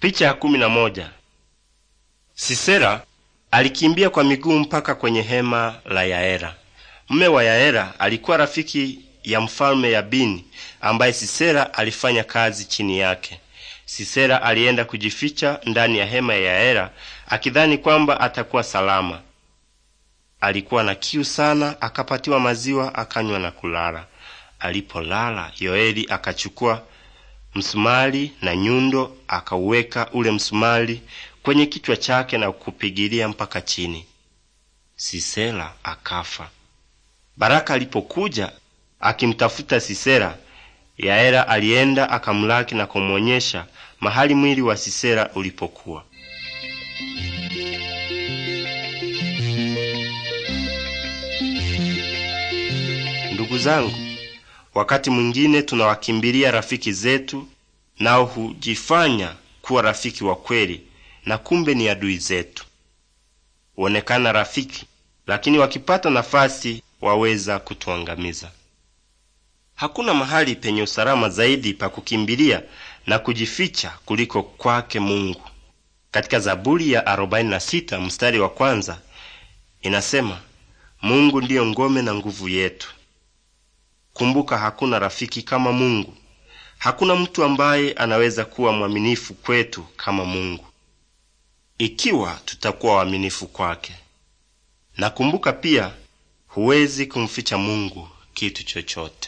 Picha ya kumi na moja. Sisera alikimbia kwa miguu mpaka kwenye hema la Yaera. Mme wa Yaera alikuwa rafiki ya mfalme Yabini ambaye Sisera alifanya kazi chini yake. Sisera alienda kujificha ndani ya hema ya Yaera akidhani kwamba atakuwa salama. Alikuwa na kiu sana, akapatiwa maziwa akanywa na kulala. Alipolala, Yoeli akachukua msumari na nyundo, akauweka ule msumari kwenye kichwa chake na kupigilia mpaka chini. Sisera akafa. Baraka alipokuja akimtafuta Sisera, Yaela alienda akamlaki na kumwonyesha mahali mwili wa Sisera ulipokuwa. Ndugu zangu, wakati mwingine tunawakimbilia rafiki zetu nao hujifanya kuwa rafiki wa kweli na kumbe ni adui zetu. Huonekana rafiki, lakini wakipata nafasi waweza kutuangamiza. Hakuna mahali penye usalama zaidi pa kukimbilia na kujificha kuliko kwake Mungu. Katika Zaburi ya 46 mstari wa kwanza inasema, Mungu ndiyo ngome na nguvu yetu. Kumbuka, hakuna rafiki kama Mungu. Hakuna mtu ambaye anaweza kuwa mwaminifu kwetu kama Mungu, ikiwa tutakuwa waaminifu kwake. Nakumbuka pia, huwezi kumficha Mungu kitu chochote.